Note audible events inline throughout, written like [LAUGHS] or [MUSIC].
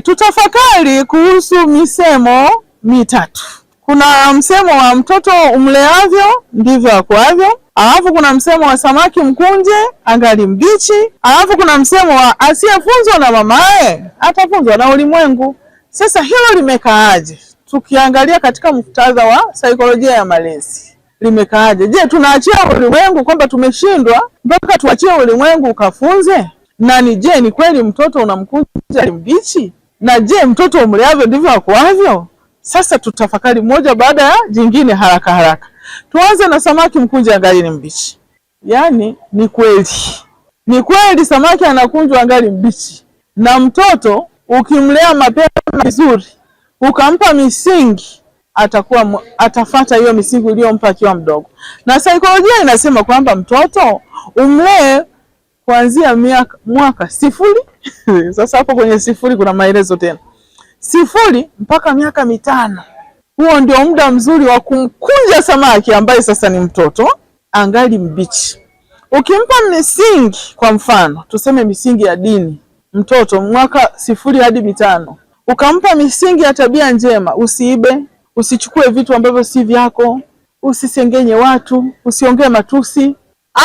tutafakari kuhusu misemo mitatu. Kuna msemo wa mtoto umleavyo ndivyo akuavyo, alafu kuna msemo wa samaki mkunje angali mbichi, alafu kuna msemo wa asiyefunzwa na mamaye atafunzwa na ulimwengu. Sasa hilo limekaaje? Tukiangalia katika muktadha wa saikolojia ya malezi limekaaje? Je, tunaachia ulimwengu kwamba tumeshindwa mpaka tuachie ulimwengu ukafunze? Na ni je, ni kweli mtoto unamkunja mbichi? Na je, mtoto umleavyo ndivyo akuavyo? Sasa tutafakari moja baada ya jingine haraka haraka. Tuanze na samaki mkunje angali ni mbichi. Yaani ni kweli. Ni kweli samaki anakunjwa angali mbichi. Na mtoto ukimlea mapema vizuri, ukampa misingi atakuwa atafata hiyo misingi uliyompa akiwa mdogo. Na saikolojia inasema kwamba mtoto umlee kuanzia miaka, mwaka sifuri [LAUGHS] sasa hapo kwenye sifuri kuna maelezo tena, sifuri mpaka miaka mitano. Huo ndio muda mzuri wa kumkunja samaki ambaye sasa ni mtoto angali mbichi. Ukimpa misingi, kwa mfano tuseme misingi ya dini, mtoto mwaka sifuri hadi mitano, ukampa misingi ya tabia njema, usiibe, usichukue vitu ambavyo si vyako, usisengenye watu, usiongee matusi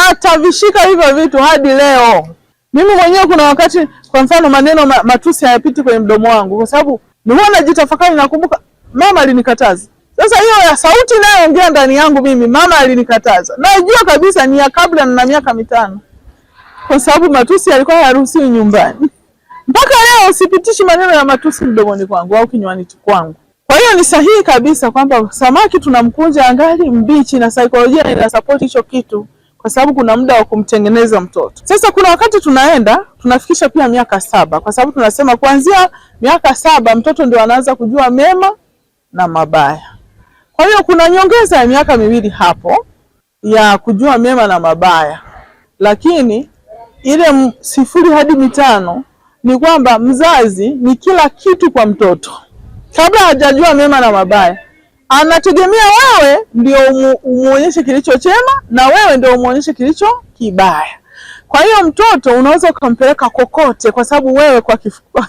atavishika hivyo vitu hadi leo. Mimi mwenyewe kuna wakati, kwa mfano, maneno matusi hayapiti kwenye mdomo wangu, kwa sababu nilikuwa najitafakari, nakumbuka mama alinikataza. Sasa hiyo ya sauti inayoongea ndani yangu mimi, mama alinikataza, najua kabisa ni ya kabla na miaka mitano, kwa sababu matusi yalikuwa hayaruhusiwi nyumbani. Mpaka leo sipitishi maneno ya matusi mdomoni kwangu au kinywani kwangu. Kwa hiyo ni sahihi kabisa kwamba samaki tunamkunja angali mbichi, na saikolojia ina support hicho kitu kwa sababu kuna muda wa kumtengeneza mtoto. Sasa kuna wakati tunaenda tunafikisha pia miaka saba, kwa sababu tunasema kuanzia miaka saba mtoto ndio anaanza kujua mema na mabaya. Kwa hiyo kuna nyongeza ya miaka miwili hapo ya kujua mema na mabaya, lakini ile sifuri hadi mitano ni kwamba mzazi ni kila kitu kwa mtoto kabla hajajua mema na mabaya anategemea wewe ndio umuonyeshe kilicho chema na wewe ndio umuonyeshe kilicho kibaya. Kwa hiyo mtoto unaweza ukampeleka kokote, kwa sababu wewe kwa kifu... [LAUGHS]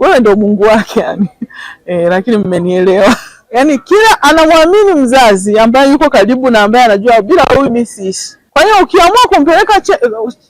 wewe ndio Mungu wake yani. [LAUGHS] E, lakini mmenielewa [LAUGHS] yani, kila anamwamini mzazi ambaye yuko karibu na ambaye anajua bila huyu mimi siishi. Kwa hiyo ukiamua kumpeleka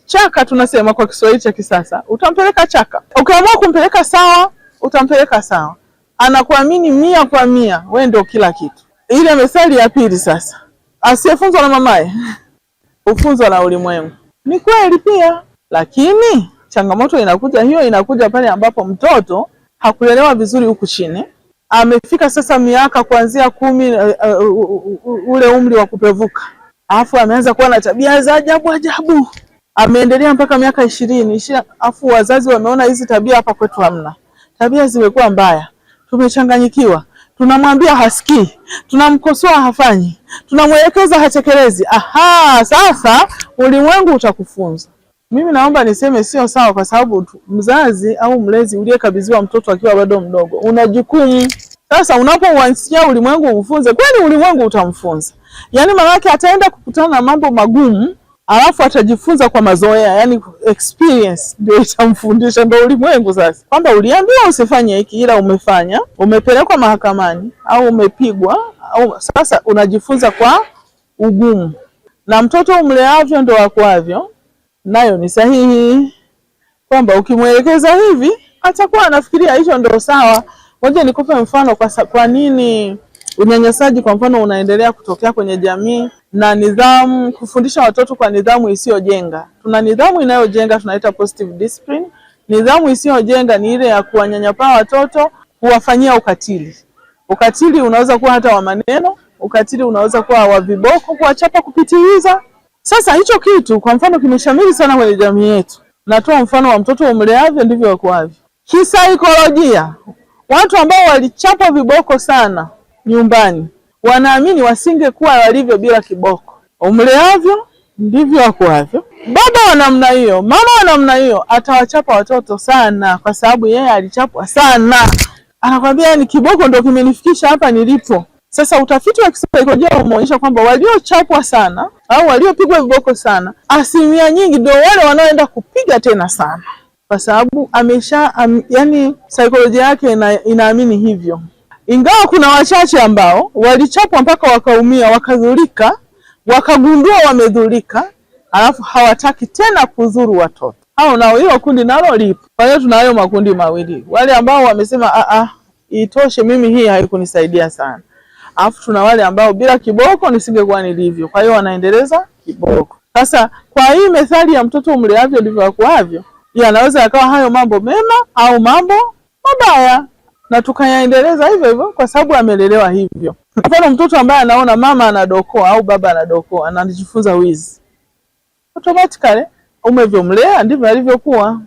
chaka, tunasema kwa Kiswahili cha kisasa, utampeleka chaka. Ukiamua kumpeleka sawa, utampeleka sawa anakuamini mia kwa mia, we ndio kila kitu. Ile methali ya pili sasa, asiyefunzwa na mamaye [LAUGHS] ufunzwa na ulimwengu. Ni kweli pia, lakini changamoto inakuja hiyo, inakuja pale ambapo mtoto hakulelewa vizuri huku chini, amefika sasa miaka kuanzia kumi, uh, ule umri wa kupevuka, alafu ameanza kuwa na tabia za ajabu ajabu, ameendelea mpaka miaka ishirini, afu wazazi wameona hizi tabia hapa kwetu hamna, tabia zimekuwa mbaya tumechanganyikiwa, tunamwambia hasikii, tunamkosoa hafanyi, tunamwelekeza hatekelezi. Aha, sasa ulimwengu utakufunza. Mimi naomba niseme sio sawa, kwa sababu mzazi au mlezi uliyekabidhiwa mtoto akiwa bado mdogo una jukumu sasa unapouanzia ulimwengu umfunze, kwani ulimwengu utamfunza? Yaani maanake ataenda kukutana na mambo magumu alafu atajifunza kwa mazoea, yani experience ndio itamfundisha, ndio ulimwengu sasa, kwamba uliambiwa usifanye hiki ila umefanya, umepelekwa mahakamani au umepigwa au, sasa unajifunza kwa ugumu. Na mtoto umleavyo ndo akuavyo, nayo ni sahihi kwamba ukimwelekeza hivi atakuwa anafikiria hicho ndo sawa. Ngoja nikupe mfano kwa, kwa nini unyanyasaji kwa mfano unaendelea kutokea kwenye jamii, na nidhamu, kufundisha watoto kwa nidhamu isiyojenga. Tuna nidhamu inayojenga tunaita positive discipline. Nidhamu isiyojenga ni ile ya kuwanyanyapaa watoto, kuwafanyia ukatili. Ukatili unaweza kuwa hata wa maneno, ukatili unaweza kuwa wa viboko, kuwachapa kupitiliza. Sasa hicho kitu kwa mfano kimeshamiri sana kwenye jamii yetu. Natoa mfano wa mtoto umleavyo ndivyo akuavyo. Kisaikolojia, watu ambao walichapa viboko sana nyumbani, wanaamini wasingekuwa walivyo bila kiboko. Umleavyo ndivyo akuavyo. Baba wa namna hiyo, mama wa namna hiyo atawachapa watoto sana, kwa sababu yeye alichapwa sana. Anakwambia ni kiboko ndo kimenifikisha hapa nilipo. Sasa utafiti wa kisaikolojia umeonyesha kwamba waliochapwa sana au waliopigwa viboko sana, asilimia nyingi ndio wale wanaoenda kupiga tena sana, kwa sababu amesha am, yani saikolojia yake ina, inaamini hivyo ingawa kuna wachache ambao walichapwa mpaka wakaumia, wakadhurika, wakagundua wamedhurika, alafu hawataki tena kuzuru watoto hao, nao hilo kundi nalo lipo. Kwa hiyo tunayo makundi mawili, wale ambao wamesema a ah, a, ah, itoshe, mimi hii haikunisaidia sana, alafu tuna wale ambao bila kiboko nisingekuwa nilivyo, kwa hiyo wanaendeleza kiboko. Sasa kwa hii methali ya mtoto umleavyo ndivyo akuavyo, yanaweza yakawa hayo mambo mema au mambo mabaya na tukayaendeleza hivyo hivyo kwa sababu amelelewa hivyo. Mfano, mtoto ambaye anaona mama anadokoa au baba anadokoa, anajifunza wizi automatically. Umevyomlea ndivyo alivyokuwa.